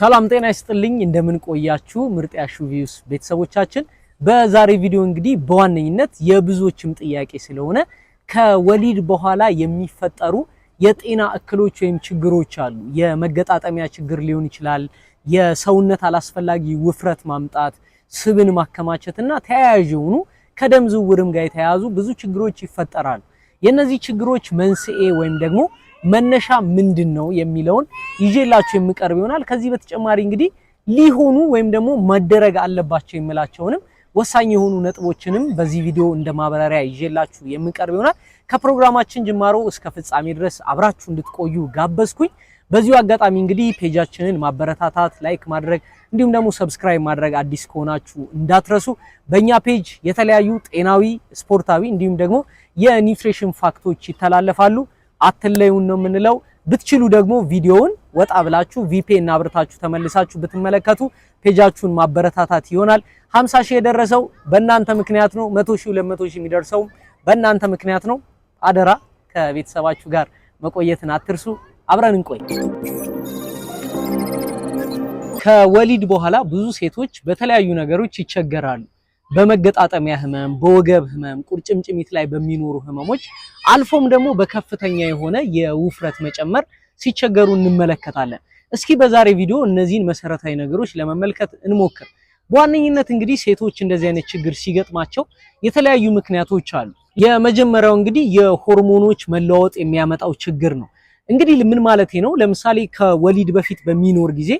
ሰላም ጤና ይስጥልኝ። እንደምን ቆያችሁ? ምርጥ ያሹ ቪውስ ቤተሰቦቻችን፣ በዛሬ ቪዲዮ እንግዲህ በዋነኝነት የብዙዎችም ጥያቄ ስለሆነ ከወሊድ በኋላ የሚፈጠሩ የጤና እክሎች ወይም ችግሮች አሉ። የመገጣጠሚያ ችግር ሊሆን ይችላል፣ የሰውነት አላስፈላጊ ውፍረት ማምጣት፣ ስብን ማከማቸት እና ተያያዥ የሆኑ ከደም ዝውውርም ጋር የተያያዙ ብዙ ችግሮች ይፈጠራሉ። የእነዚህ ችግሮች መንስኤ ወይም ደግሞ መነሻ ምንድን ነው የሚለውን ይዤላችሁ የሚቀርብ ይሆናል። ከዚህ በተጨማሪ እንግዲህ ሊሆኑ ወይም ደግሞ መደረግ አለባቸው የሚላቸውንም ወሳኝ የሆኑ ነጥቦችንም በዚህ ቪዲዮ እንደ ማብራሪያ ይዤላችሁ የምቀርብ ይሆናል። ከፕሮግራማችን ጅማሮ እስከ ፍጻሜ ድረስ አብራችሁ እንድትቆዩ ጋበዝኩኝ። በዚሁ አጋጣሚ እንግዲህ ፔጃችንን ማበረታታት፣ ላይክ ማድረግ እንዲሁም ደግሞ ሰብስክራይብ ማድረግ አዲስ ከሆናችሁ እንዳትረሱ። በእኛ ፔጅ የተለያዩ ጤናዊ፣ ስፖርታዊ እንዲሁም ደግሞ የኒውትሪሽን ፋክቶች ይተላለፋሉ። አትለዩን ነው የምንለው። ብትችሉ ደግሞ ቪዲዮውን ወጣ ብላችሁ ቪፒኤን አብርታችሁ ተመልሳችሁ ብትመለከቱ ፔጃችሁን ማበረታታት ይሆናል። 50 ሺህ የደረሰው በእናንተ ምክንያት ነው። 100 ሺህ 200 ሺህ የሚደርሰውም በእናንተ ምክንያት ነው። አደራ ከቤተሰባችሁ ጋር መቆየትን አትርሱ። አብረን እንቆይ። ከወሊድ በኋላ ብዙ ሴቶች በተለያዩ ነገሮች ይቸገራሉ። በመገጣጠሚያ ህመም፣ በወገብ ህመም፣ ቁርጭምጭሚት ላይ በሚኖሩ ህመሞች አልፎም ደግሞ በከፍተኛ የሆነ የውፍረት መጨመር ሲቸገሩ እንመለከታለን። እስኪ በዛሬ ቪዲዮ እነዚህን መሰረታዊ ነገሮች ለመመልከት እንሞክር። በዋነኝነት እንግዲህ ሴቶች እንደዚህ አይነት ችግር ሲገጥማቸው የተለያዩ ምክንያቶች አሉ። የመጀመሪያው እንግዲህ የሆርሞኖች መለዋወጥ የሚያመጣው ችግር ነው። እንግዲህ ምን ማለት ነው? ለምሳሌ ከወሊድ በፊት በሚኖር ጊዜ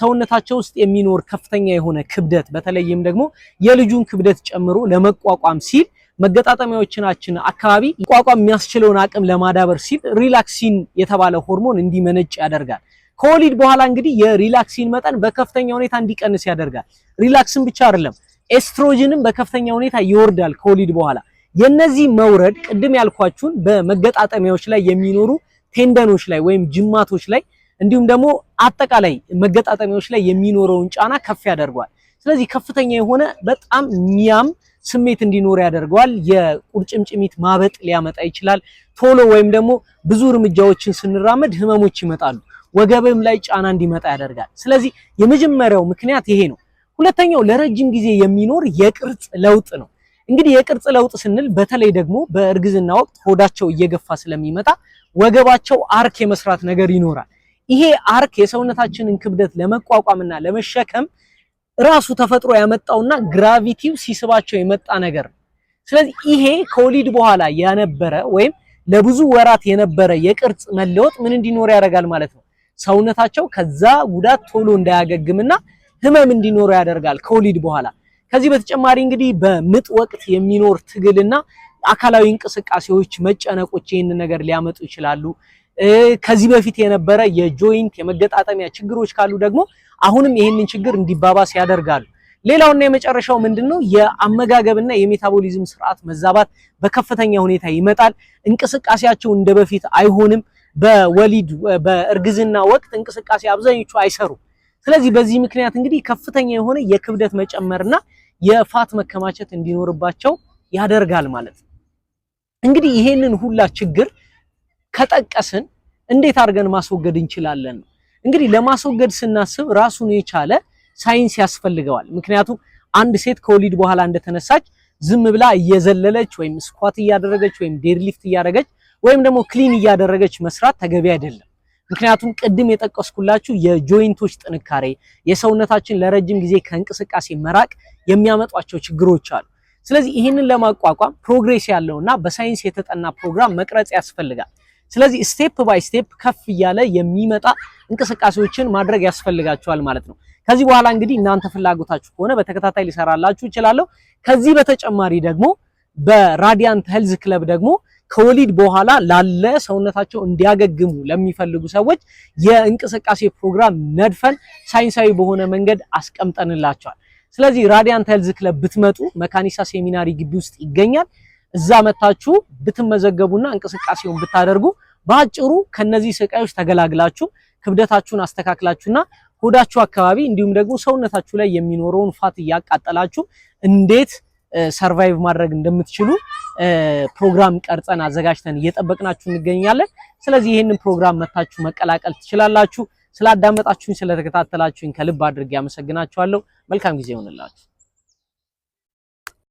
ሰውነታቸው ውስጥ የሚኖር ከፍተኛ የሆነ ክብደት በተለይም ደግሞ የልጁን ክብደት ጨምሮ ለመቋቋም ሲል መገጣጠሚያዎችናችን አካባቢ ቋቋም የሚያስችለውን አቅም ለማዳበር ሲል ሪላክሲን የተባለ ሆርሞን እንዲመነጭ ያደርጋል። ከወሊድ በኋላ እንግዲህ የሪላክሲን መጠን በከፍተኛ ሁኔታ እንዲቀንስ ያደርጋል። ሪላክስን ብቻ አይደለም፣ ኤስትሮጅንም በከፍተኛ ሁኔታ ይወርዳል ከወሊድ በኋላ። የነዚህ መውረድ ቅድም ያልኳችሁን በመገጣጠሚያዎች ላይ የሚኖሩ ቴንደኖች ላይ ወይም ጅማቶች ላይ እንዲሁም ደግሞ አጠቃላይ መገጣጠሚያዎች ላይ የሚኖረውን ጫና ከፍ ያደርገዋል። ስለዚህ ከፍተኛ የሆነ በጣም ሚያም ስሜት እንዲኖር ያደርገዋል። የቁርጭምጭሚት ማበጥ ሊያመጣ ይችላል። ቶሎ ወይም ደግሞ ብዙ እርምጃዎችን ስንራመድ ህመሞች ይመጣሉ። ወገብም ላይ ጫና እንዲመጣ ያደርጋል። ስለዚህ የመጀመሪያው ምክንያት ይሄ ነው። ሁለተኛው ለረጅም ጊዜ የሚኖር የቅርጽ ለውጥ ነው። እንግዲህ የቅርጽ ለውጥ ስንል በተለይ ደግሞ በእርግዝና ወቅት ሆዳቸው እየገፋ ስለሚመጣ ወገባቸው አርክ የመስራት ነገር ይኖራል። ይሄ አርክ የሰውነታችንን ክብደት ለመቋቋምና ለመሸከም ራሱ ተፈጥሮ ያመጣውና ግራቪቲው ሲስባቸው የመጣ ነገር ነው። ስለዚህ ይሄ ከወሊድ በኋላ የነበረ ወይም ለብዙ ወራት የነበረ የቅርጽ መለወጥ ምን እንዲኖር ያደርጋል ማለት ነው። ሰውነታቸው ከዛ ጉዳት ቶሎ እንዳያገግምና ህመም እንዲኖር ያደርጋል ከወሊድ በኋላ ከዚህ በተጨማሪ እንግዲህ በምጥ ወቅት የሚኖር ትግልና አካላዊ እንቅስቃሴዎች መጨነቆች ይህን ነገር ሊያመጡ ይችላሉ። ከዚህ በፊት የነበረ የጆይንት የመገጣጠሚያ ችግሮች ካሉ ደግሞ አሁንም ይህንን ችግር እንዲባባስ ያደርጋሉ። ሌላውና የመጨረሻው ምንድን ነው? የአመጋገብና የሜታቦሊዝም ስርዓት መዛባት በከፍተኛ ሁኔታ ይመጣል። እንቅስቃሴያቸው እንደ በፊት አይሆንም። በወሊድ በእርግዝና ወቅት እንቅስቃሴ አብዛኞቹ አይሰሩም። ስለዚህ በዚህ ምክንያት እንግዲህ ከፍተኛ የሆነ የክብደት መጨመርና የፋት መከማቸት እንዲኖርባቸው ያደርጋል ማለት ነው። እንግዲህ ይሄንን ሁላ ችግር ከጠቀስን እንዴት አድርገን ማስወገድ እንችላለን እንግዲህ ለማስወገድ ስናስብ ራሱን የቻለ ሳይንስ ያስፈልገዋል። ምክንያቱም አንድ ሴት ከወሊድ በኋላ እንደተነሳች ዝም ብላ እየዘለለች ወይም ስኳት እያደረገች ወይም ዴድሊፍት እያደረገች ወይም ደግሞ ክሊን እያደረገች መስራት ተገቢ አይደለም። ምክንያቱም ቅድም የጠቀስኩላችሁ የጆይንቶች ጥንካሬ የሰውነታችን ለረጅም ጊዜ ከእንቅስቃሴ መራቅ የሚያመጧቸው ችግሮች አሉ። ስለዚህ ይህንን ለማቋቋም ፕሮግሬስ ያለውና በሳይንስ የተጠና ፕሮግራም መቅረጽ ያስፈልጋል። ስለዚህ ስቴፕ ባይ ስቴፕ ከፍ እያለ የሚመጣ እንቅስቃሴዎችን ማድረግ ያስፈልጋቸዋል ማለት ነው። ከዚህ በኋላ እንግዲህ እናንተ ፍላጎታችሁ ከሆነ በተከታታይ ሊሰራላችሁ ይችላለሁ። ከዚህ በተጨማሪ ደግሞ በራዲያንት ሄልዝ ክለብ ደግሞ ከወሊድ በኋላ ላለ ሰውነታቸው እንዲያገግሙ ለሚፈልጉ ሰዎች የእንቅስቃሴ ፕሮግራም ነድፈን ሳይንሳዊ በሆነ መንገድ አስቀምጠንላቸዋል። ስለዚህ ራዲያንት ሄልዝ ክለብ ብትመጡ መካኒሳ ሴሚናሪ ግቢ ውስጥ ይገኛል። እዛ መታችሁ ብትመዘገቡና እንቅስቃሴውን ብታደርጉ በአጭሩ ከነዚህ ስቃዮች ተገላግላችሁ ክብደታችሁን አስተካክላችሁና ሆዳችሁ አካባቢ እንዲሁም ደግሞ ሰውነታችሁ ላይ የሚኖረውን ፋት እያቃጠላችሁ እንዴት ሰርቫይቭ ማድረግ እንደምትችሉ ፕሮግራም ቀርጸን አዘጋጅተን እየጠበቅናችሁ እንገኛለን። ስለዚህ ይህንን ፕሮግራም መታችሁ መቀላቀል ትችላላችሁ። ስላዳመጣችሁኝ፣ ስለተከታተላችሁኝ ከልብ አድርጌ አመሰግናችኋለሁ። መልካም ጊዜ ይሆንላችሁ።